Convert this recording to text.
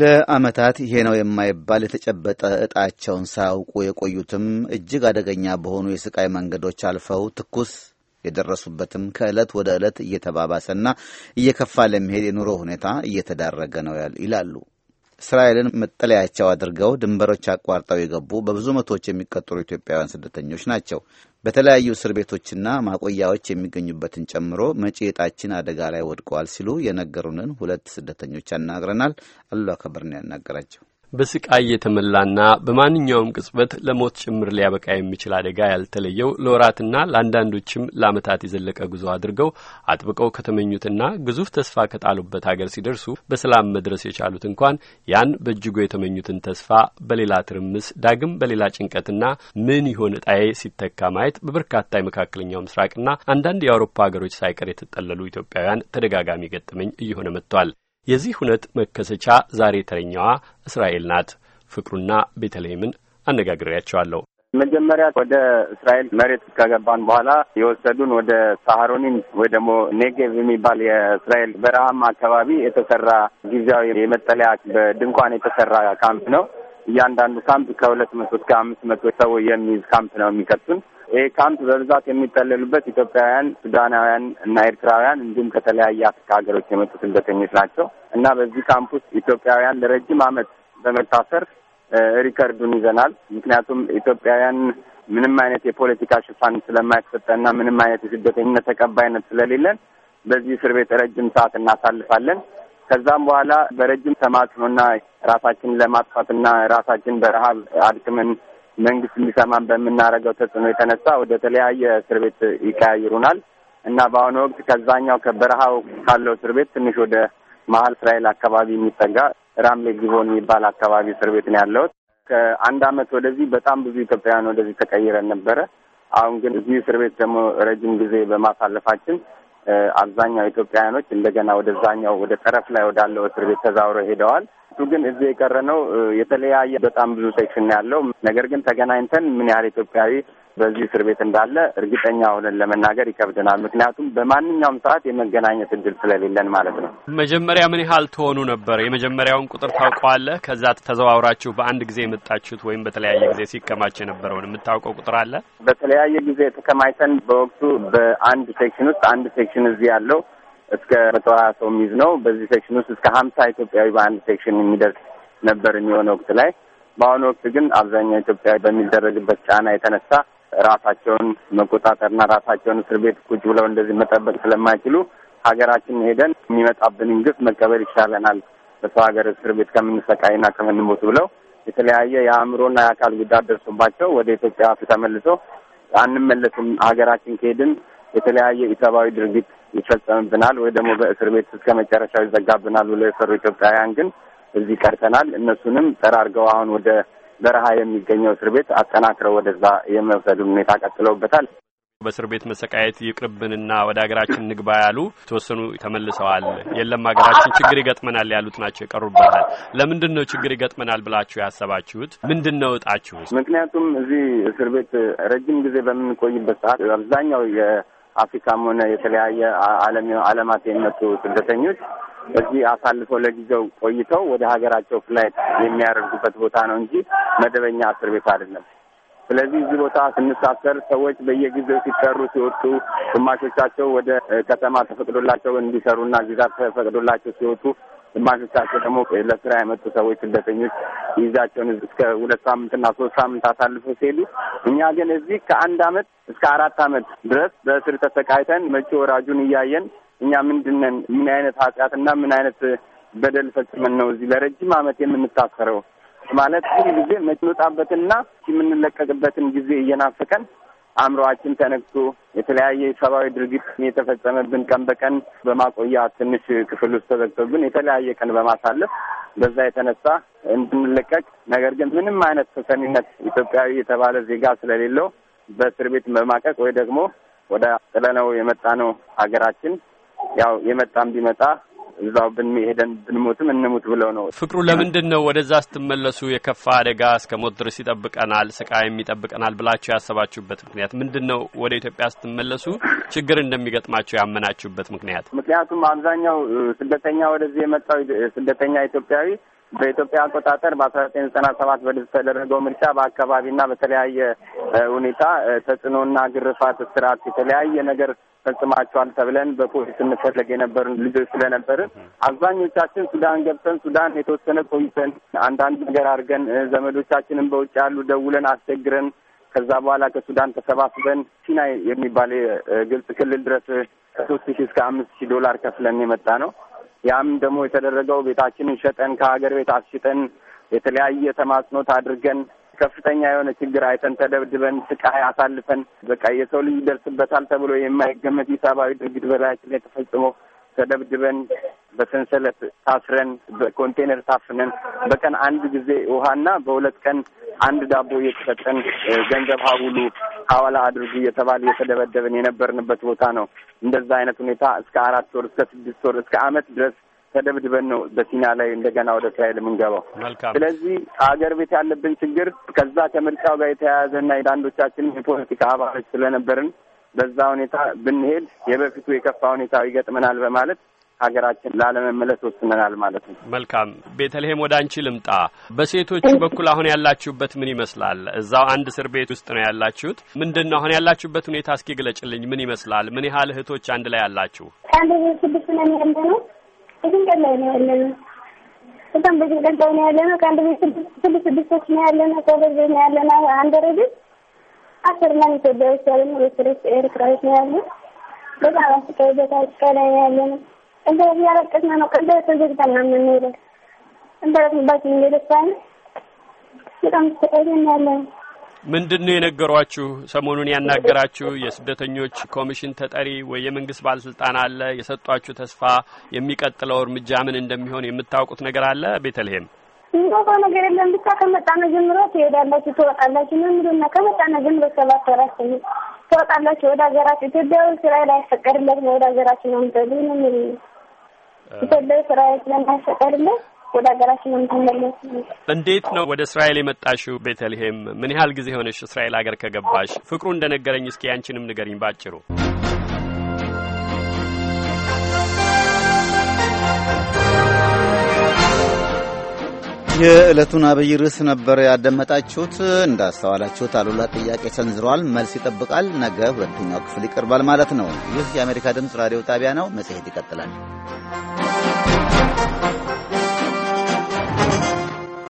ለዓመታት ይሄ ነው የማይባል የተጨበጠ ዕጣቸውን ሳያውቁ የቆዩትም እጅግ አደገኛ በሆኑ የስቃይ መንገዶች አልፈው ትኩስ የደረሱበትም ከዕለት ወደ ዕለት እየተባባሰና እየከፋ ለመሄድ የኑሮ ሁኔታ እየተዳረገ ነው ይላሉ። እስራኤልን መጠለያቸው አድርገው ድንበሮች አቋርጠው የገቡ በብዙ መቶዎች የሚቆጠሩ ኢትዮጵያውያን ስደተኞች ናቸው። በተለያዩ እስር ቤቶችና ማቆያዎች የሚገኙበትን ጨምሮ መጪ ዕጣችን አደጋ ላይ ወድቀዋል ሲሉ የነገሩንን ሁለት ስደተኞች ያናግረናል። አሉላ ከበደ ነው ያናገራቸው። በስቃይ የተመላና በማንኛውም ቅጽበት ለሞት ጭምር ሊያበቃ የሚችል አደጋ ያልተለየው ለወራትና ለአንዳንዶችም ለዓመታት የዘለቀ ጉዞ አድርገው አጥብቀው ከተመኙትና ግዙፍ ተስፋ ከጣሉበት አገር ሲደርሱ በሰላም መድረስ የቻሉት እንኳን ያን በእጅጉ የተመኙትን ተስፋ በሌላ ትርምስ ዳግም በሌላ ጭንቀትና ምን ይሆን እጣዬ ሲተካ ማየት በበርካታ የመካከለኛው ምስራቅና አንዳንድ የአውሮፓ ሀገሮች ሳይቀር የተጠለሉ ኢትዮጵያውያን ተደጋጋሚ ገጠመኝ እየሆነ መጥቷል። የዚህ ሁነት መከሰቻ ዛሬ ተረኛዋ እስራኤል ናት። ፍቅሩና ቤተልሔምን አነጋግሬያቸዋለሁ። መጀመሪያ ወደ እስራኤል መሬት ከገባን በኋላ የወሰዱን ወደ ሳሃሮኒም ወይ ደግሞ ኔጌቭ የሚባል የእስራኤል በረሃማ አካባቢ የተሰራ ጊዜያዊ የመጠለያ በድንኳን የተሰራ ካምፕ ነው። እያንዳንዱ ካምፕ ከሁለት መቶ እስከ አምስት መቶ ሰው የሚይዝ ካምፕ ነው የሚከቱን ይህ ካምፕ በብዛት የሚጠለሉበት ኢትዮጵያውያን፣ ሱዳናውያን እና ኤርትራውያን እንዲሁም ከተለያየ አፍሪካ ሀገሮች የመጡ ስደተኞች ናቸው እና በዚህ ካምፕ ውስጥ ኢትዮጵያውያን ለረጅም ዓመት በመታሰር ሪከርዱን ይዘናል። ምክንያቱም ኢትዮጵያውያን ምንም አይነት የፖለቲካ ሽፋን ስለማይሰጠና ምንም አይነት የስደተኝነት ተቀባይነት ስለሌለን በዚህ እስር ቤት ረጅም ሰዓት እናሳልፋለን። ከዛም በኋላ በረጅም ተማጽኖና ራሳችንን ለማጥፋትና ራሳችን በረሀብ አድክመን መንግስት እንዲሰማን በምናደርገው ተጽዕኖ የተነሳ ወደ ተለያየ እስር ቤት ይቀያይሩናል እና በአሁኑ ወቅት ከዛኛው ከበረሃው ካለው እስር ቤት ትንሽ ወደ መሀል እስራኤል አካባቢ የሚጠጋ ራምሌ ጊቦን የሚባል አካባቢ እስር ቤት ነው ያለሁት። ከአንድ አመት ወደዚህ በጣም ብዙ ኢትዮጵያውያን ወደዚህ ተቀይረን ነበረ። አሁን ግን እዚህ እስር ቤት ደግሞ ረጅም ጊዜ በማሳለፋችን አብዛኛው ኢትዮጵያውያኖች እንደገና ወደዛኛው ወደ ጠረፍ ላይ ወዳለው እስር ቤት ተዛውረው ሄደዋል። እሱ ግን እዚህ የቀረ ነው። የተለያየ በጣም ብዙ ሴክሽን ያለው ነገር ግን ተገናኝተን ምን ያህል ኢትዮጵያዊ በዚህ እስር ቤት እንዳለ እርግጠኛ ሆነን ለመናገር ይከብደናል። ምክንያቱም በማንኛውም ሰዓት የመገናኘት እድል ስለሌለን ማለት ነው። መጀመሪያ ምን ያህል ትሆኑ ነበር? የመጀመሪያውን ቁጥር ታውቀዋለህ? ከዛ ተዘዋውራችሁ በአንድ ጊዜ የመጣችሁት ወይም በተለያየ ጊዜ ሲከማች የነበረውን የምታውቀው ቁጥር አለ? በተለያየ ጊዜ ተከማይተን በወቅቱ በአንድ ሴክሽን ውስጥ አንድ ሴክሽን እዚህ ያለው እስከ መቶ ሀያ ሰው የሚይዝ ነው። በዚህ ሴክሽን ውስጥ እስከ ሀምሳ ኢትዮጵያዊ በአንድ ሴክሽን የሚደርስ ነበር የሚሆነ ወቅት ላይ። በአሁኑ ወቅት ግን አብዛኛው ኢትዮጵያዊ በሚደረግበት ጫና የተነሳ ራሳቸውን መቆጣጠርና ራሳቸውን እስር ቤት ቁጭ ብለው እንደዚህ መጠበቅ ስለማይችሉ ሀገራችን ሄደን የሚመጣብንን ግፍ መቀበል ይሻለናል በሰው ሀገር እስር ቤት ከምንሰቃይና ከምንሞት ብለው የተለያየ የአእምሮና የአካል ጉዳት ደርሶባቸው ወደ ኢትዮጵያ ተመልሶ አንመለስም ሀገራችን ከሄድን የተለያየ ኢሰብአዊ ድርጊት ይፈጸምብናል ወይ ደግሞ በእስር ቤት እስከ መጨረሻው ይዘጋብናል ብሎ የሰሩ ኢትዮጵያውያን ግን እዚህ ቀርተናል። እነሱንም ጠራርገው አሁን ወደ በረሃ የሚገኘው እስር ቤት አጠናክረው ወደዛ የመውሰዱ ሁኔታ ቀጥለውበታል። በእስር ቤት መሰቃየት ይቅርብንና ወደ ሀገራችን ንግባ ያሉ የተወሰኑ ተመልሰዋል። የለም ሀገራችን ችግር ይገጥመናል ያሉት ናቸው የቀሩበታል። ለምንድን ነው ችግር ይገጥመናል ብላችሁ ያሰባችሁት? ምንድን ነው እጣችሁ? ምክንያቱም እዚህ እስር ቤት ረጅም ጊዜ በምንቆይበት ሰዓት አብዛኛው አፍሪካም ሆነ የተለያየ ዓለማት የሚመጡ ስደተኞች እዚህ አሳልፈው ለጊዜው ቆይተው ወደ ሀገራቸው ፍላይት የሚያደርጉበት ቦታ ነው እንጂ መደበኛ እስር ቤት አይደለም። ስለዚህ እዚህ ቦታ ስንሳፈር ሰዎች በየጊዜው ሲጠሩ ሲወጡ፣ ግማሾቻቸው ወደ ከተማ ተፈቅዶላቸው እንዲሰሩና ቪዛ ተፈቅዶላቸው ሲወጡ፣ ግማሾቻቸው ደግሞ ለስራ የመጡ ሰዎች ስደተኞች ይዛቸውን እስከ ሁለት ሳምንትና ሶስት ሳምንት አሳልፎ ሲሄዱ፣ እኛ ግን እዚህ ከአንድ አመት እስከ አራት አመት ድረስ በእስር ተሰቃይተን መቼ ወራጁን እያየን እኛ ምንድነን ምን አይነት ኃጢአትና ምን አይነት በደል ፈጽመን ነው እዚህ ለረጅም አመት የምንታሰረው? ማለት ሁሉ ጊዜ የምንወጣበትና የምንለቀቅበትን ጊዜ እየናፈቀን አእምሮአችን ተነግቶ የተለያየ ሰብአዊ ድርጊት የተፈጸመብን ቀን በቀን በማቆያ ትንሽ ክፍል ውስጥ ተዘግቶብን የተለያየ ቀን በማሳለፍ በዛ የተነሳ እንድንለቀቅ ነገር ግን ምንም አይነት ተሰሚነት ኢትዮጵያዊ የተባለ ዜጋ ስለሌለው በእስር ቤት በማቀቅ ወይ ደግሞ ወደ ጥለነው የመጣ ነው ሀገራችን ያው የመጣም ቢመጣ እዛው ብንሄደን ብንሞትም እንሙት ብለው ነው ፍቅሩ። ለምንድን ነው ወደዛ ስትመለሱ የከፋ አደጋ እስከ ሞት ድረስ ይጠብቀናል፣ ስቃይም ይጠብቀናል ብላችሁ ያሰባችሁበት ምክንያት ምንድን ነው? ወደ ኢትዮጵያ ስትመለሱ ችግር እንደሚገጥማቸው ያመናችሁበት ምክንያት? ምክንያቱም አብዛኛው ስደተኛ ወደዚህ የመጣው ስደተኛ ኢትዮጵያዊ በኢትዮጵያ አቆጣጠር በአስራ ዘጠኝ ዘጠና ሰባት በተደረገው ምርጫ በአካባቢና በተለያየ ሁኔታ ተጽዕኖና ግርፋት፣ እስራት የተለያየ ነገር ፈጽማቸዋል ተብለን በፖሊስ እንፈለግ የነበርን ልጆች ስለነበርን አብዛኞቻችን ሱዳን ገብተን ሱዳን የተወሰነ ቆይተን አንዳንድ ነገር አድርገን ዘመዶቻችንን በውጭ ያሉ ደውለን አስቸግረን ከዛ በኋላ ከሱዳን ተሰባስበን ሲናይ የሚባል የግብጽ ክልል ድረስ ከሶስት ሺ እስከ አምስት ሺ ዶላር ከፍለን የመጣ ነው። ያም ደግሞ የተደረገው ቤታችንን ሸጠን ከሀገር ቤት አስሽጠን የተለያየ ተማጽኖት አድርገን ከፍተኛ የሆነ ችግር አይተን ተደብድበን ስቃይ አሳልፈን በቃ የሰው ልጅ ይደርስበታል ተብሎ የማይገመት ኢሰብአዊ ድርጊት በላያችን ላይ ተፈጽሞ ተደብድበን በሰንሰለት ታስረን በኮንቴነር ታፍነን በቀን አንድ ጊዜ ውሃና በሁለት ቀን አንድ ዳቦ እየተሰጠን ገንዘብ ሀውሉ ሀዋላ አድርጉ እየተባለ እየተደበደብን የነበርንበት ቦታ ነው። እንደዛ አይነት ሁኔታ እስከ አራት ወር እስከ ስድስት ወር እስከ ዓመት ድረስ ተደብድበን ነው በሲና ላይ እንደገና ወደ እስራኤል የምንገባው። ስለዚህ አገር ቤት ያለብን ችግር ከዛ ከምርጫው ጋር የተያያዘና የአንዳንዶቻችንም የፖለቲካ አባሎች ስለነበርን በዛ ሁኔታ ብንሄድ የበፊቱ የከፋ ሁኔታ ይገጥመናል በማለት ሀገራችን ላለመመለስ ወስነናል ማለት ነው። መልካም ቤተልሔም፣ ወደ አንቺ ልምጣ። በሴቶቹ በኩል አሁን ያላችሁበት ምን ይመስላል? እዛው አንድ እስር ቤት ውስጥ ነው ያላችሁት። ምንድን ነው አሁን ያላችሁበት ሁኔታ? እስኪ ግለጭልኝ። ምን ይመስላል? ምን ያህል እህቶች አንድ ላይ አላችሁ? ከአንድ ስድስት ነው ያለ ነው በጭንቀት ላይ ነው ያለ ነው። በጣም በጭንቀት ላይ ነው ያለ ነው። ከአንድ ቤት ስድስት ስድስቶች ነው ያለ ነው። ኮበዝ ነው ያለ ነው። አንድ ረድት አስር ማን ኢትዮጵያዎች ያለ ነው። ኤርትራዎች ኤርትራዎች ነው ያለ በጣም አስቃይ በታች ከላይ ያለ ነው። እንደዚህ ያለቀስን ነው። ቀንደ ተዘግተን ነው የምንሄደው። እንደረትንባችን እየደፋ ነው። በጣም ስቃይ ነው ያለ ነው። ምንድን ነው የነገሯችሁ? ሰሞኑን ያናገራችሁ የስደተኞች ኮሚሽን ተጠሪ ወይ የመንግስት ባለስልጣን አለ? የሰጧችሁ ተስፋ፣ የሚቀጥለው እርምጃ ምን እንደሚሆን የምታውቁት ነገር አለ? ቤተልሔም የሚያውቀው ነገር የለም። ብቻ ከመጣነ ጀምሮ ትሄዳላችሁ፣ ትወጣላችሁ ነው የሚሉና ከመጣነ ጀምሮ ሰባት ወራት ትወጣላችሁ ወደ ሀገራችሁ። ኢትዮጵያ ስራ ላይ አይፈቀድለት ወደ ሀገራችሁ ነው ምጠሉ ነው የሚሉ ኢትዮጵያ ስራ ስለማይፈቀድለት ወደ ሀገራችን የምትመለስ። እንዴት ነው ወደ እስራኤል የመጣሽው ቤተልሔም? ምን ያህል ጊዜ ሆነሽ እስራኤል ሀገር ከገባሽ? ፍቅሩ እንደነገረኝ እስኪ ያንቺንም ንገሪኝ ባጭሩ። የዕለቱን አብይ ርዕስ ነበር ያደመጣችሁት። እንዳስተዋላችሁት አሉላ ጥያቄ ሰንዝረዋል፣ መልስ ይጠብቃል። ነገ ሁለተኛው ክፍል ይቀርባል ማለት ነው። ይህ የአሜሪካ ድምፅ ራዲዮ ጣቢያ ነው። መጽሔት ይቀጥላል።